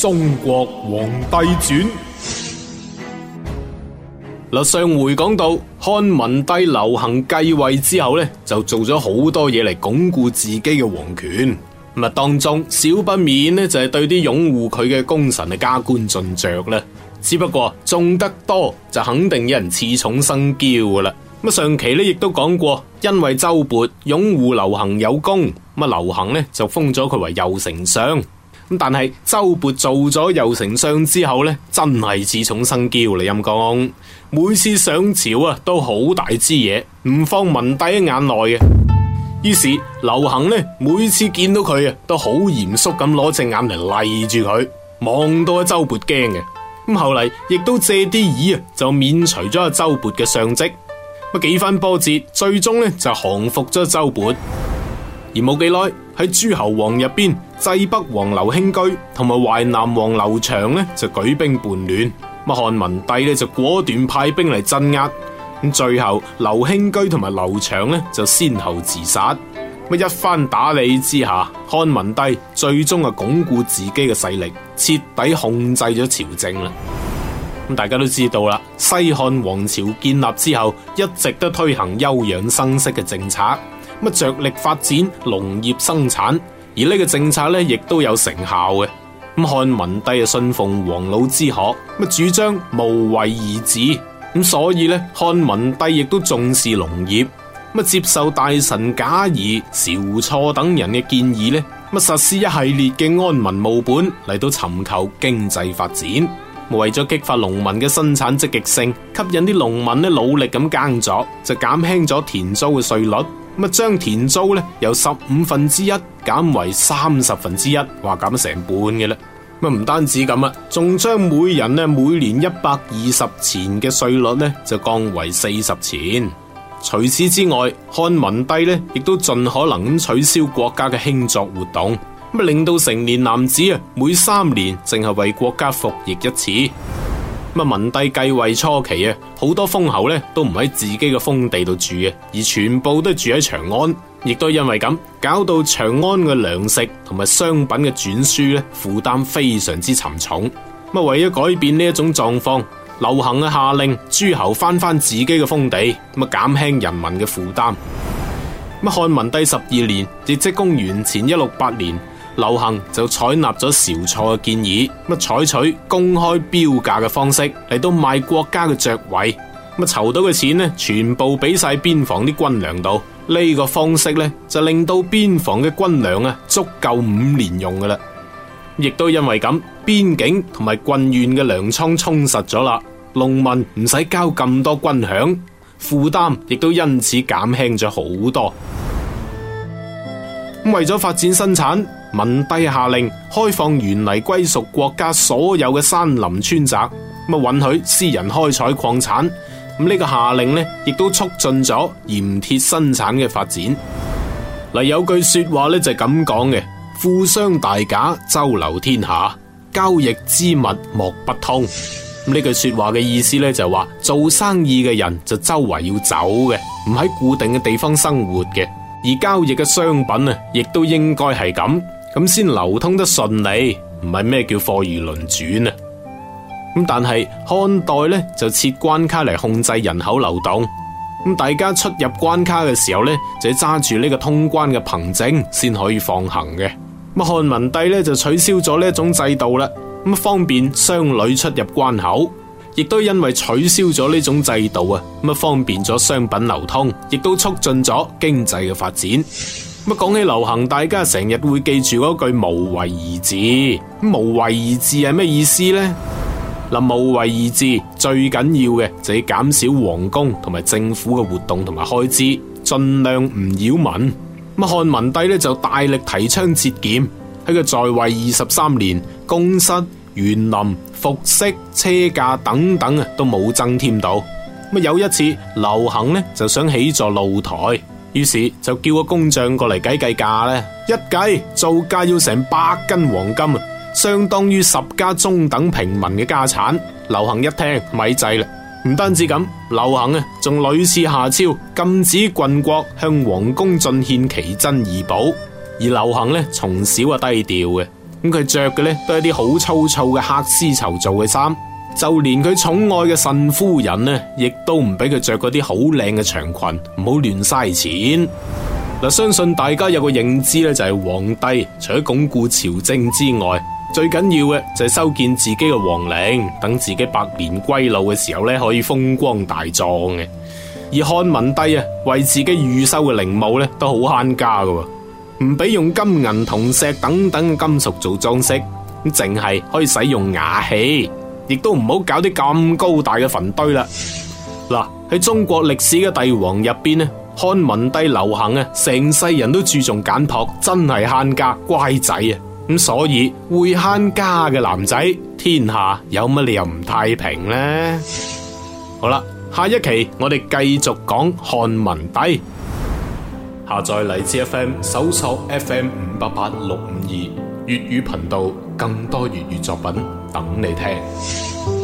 中國皇帝傳嗱，上回講到漢文帝劉恆繼位之後呢就做咗好多嘢嚟鞏固自己嘅皇權。咁啊，當中少不免呢，就係、是、對啲擁護佢嘅功臣啊加官進爵啦。只不過重得多就肯定有人恃寵生驕噶啦。咁上期呢亦都講過，因為周勃擁護劉恆有功，咁啊，劉恆呢就封咗佢為右丞相。咁但係周勃做咗右丞相之後呢，真係自重生驕嚟，陰公，每次上朝啊都好大支嘢，唔放文帝喺眼內嘅。於是劉恆呢，每次見到佢啊，都好嚴肅咁攞隻眼嚟厲住佢，望到周勃驚嘅。咁後嚟亦都借啲耳啊，就免除咗阿周勃嘅上職。咁幾番波折，最終呢，就降服咗周勃。而冇幾耐喺諸侯王入邊。濟北王劉興居同埋淮南王劉長呢，就舉兵叛亂，咁漢文帝呢，就果斷派兵嚟鎮壓。咁最後劉興居同埋劉長呢，就先後自殺。乜一番打理之下，漢文帝最終啊鞏固自己嘅勢力，徹底控制咗朝政啦。咁大家都知道啦，西漢王朝建立之後，一直都推行休養生息嘅政策，乜着力發展農業生產。而呢個政策呢，亦都有成效嘅。咁漢文帝啊，信奉黃老之學，咁主張無為而治。咁所以呢，漢文帝亦都重視農業，咁接受大臣賈誼、晁錯等人嘅建議呢，咁實施一系列嘅安民務本嚟到尋求經濟發展。為咗激發農民嘅生產積極性，吸引啲農民呢，努力咁耕作，就減輕咗田租嘅稅率。咁將田租咧由十五分之一減為三十分之一，話減成半嘅啦。咁唔單止咁啦，仲將每人咧每年一百二十錢嘅稅率呢，就降為四十錢。除此之外，漢文帝呢，亦都盡可能咁取消國家嘅興作活動，咁令到成年男子啊每三年淨係為國家服役一次。文帝繼位初期啊，好多封侯咧都唔喺自己嘅封地度住嘅，而全部都住喺長安，亦都因為咁，搞到長安嘅糧食同埋商品嘅轉輸咧負擔非常之沉重。咁為咗改變呢一種狀況，劉恒啊下令諸侯返返自己嘅封地，咁啊減輕人民嘅負擔。咁漢文帝十二年，即係公元前一六八年。劉恆就採納咗晁錯嘅建議，乜採取公開標價嘅方式嚟到賣國家嘅爵位，乜籌到嘅錢呢？全部俾晒邊防啲軍糧度，呢、呢個方式呢就令到邊防嘅軍糧啊足夠五年用噶啦。亦都因為咁，邊境同埋郡縣嘅糧倉充實咗啦，農民唔使交咁多軍餉，負擔亦都因此減輕咗好多。為咗發展生產。文帝下令開放原嚟歸屬國家所有嘅山林川澤，咁啊允許私人開採礦產。咁、這、呢個下令呢，亦都促進咗鹽鐵生產嘅發展。嗱，有句說話咧就係咁講嘅：富商大賈，周流天下，交易之物莫不通。呢句說話嘅意思呢，就話、是、做生意嘅人就周圍要走嘅，唔喺固定嘅地方生活嘅，而交易嘅商品啊，亦都應該係咁。咁先流通得順利，唔係咩叫貨如輪轉啊？咁但係漢代咧就設關卡嚟控制人口流動，咁大家出入關卡嘅時候咧就揸住呢個通關嘅憑證先可以放行嘅。咁啊漢文帝咧就取消咗呢一種制度啦，咁方便商旅出入關口，亦都因為取消咗呢種制度啊，咁啊方便咗商品流通，亦都促進咗經濟嘅發展。不講起流行，大家成日會記住嗰句無為而治。無為而治係咩意思呢？嗱，無為而治最緊要嘅就係減少皇宮同埋政府嘅活動同埋開支，盡量唔擾民。咁漢文帝呢就大力提倡節儉。喺佢在位二十三年，宮室、園林、服飾、車駕等等啊，都冇增添到。咁有一次流行呢，就想起座露台。於是就叫個工匠過嚟計計價咧，一計造價要成百斤黃金啊，相當於十家中等平民嘅家產。劉恆一聽，咪制啦。唔單止咁，劉恆啊，仲屢次下詔禁止郡國向皇宮進獻奇珍異寶。而劉恆咧，從小啊低調嘅，咁佢着嘅咧都係啲好粗糙嘅黑絲綢做嘅衫。就連佢寵愛嘅慎夫人呢，亦都唔俾佢着嗰啲好靚嘅長裙，唔好亂嘥錢嗱。相信大家有個認知咧，就係、是、皇帝除咗鞏固朝政之外，最緊要嘅就係修建自己嘅皇陵，等自己百年歸老嘅時候咧，可以風光大葬嘅。而漢文帝啊，為自己預修嘅陵墓咧，都好慳家噶，唔俾用金銀銅錫等等嘅金屬做裝飾，咁淨係可以使用瓦器。亦都唔好搞啲咁高大嘅墳堆啦！嗱、啊，喺中國歷史嘅帝王入邊咧，漢文帝流行啊，成世人都注重簡樸，真係慳家乖仔啊！咁所以會慳家嘅男仔，天下有乜理由唔太平呢？好啦，下一期我哋繼續講漢文帝。下載荔枝 FM，搜索 FM 五八八六五二粵語頻道，更多粵語作品，等你聽。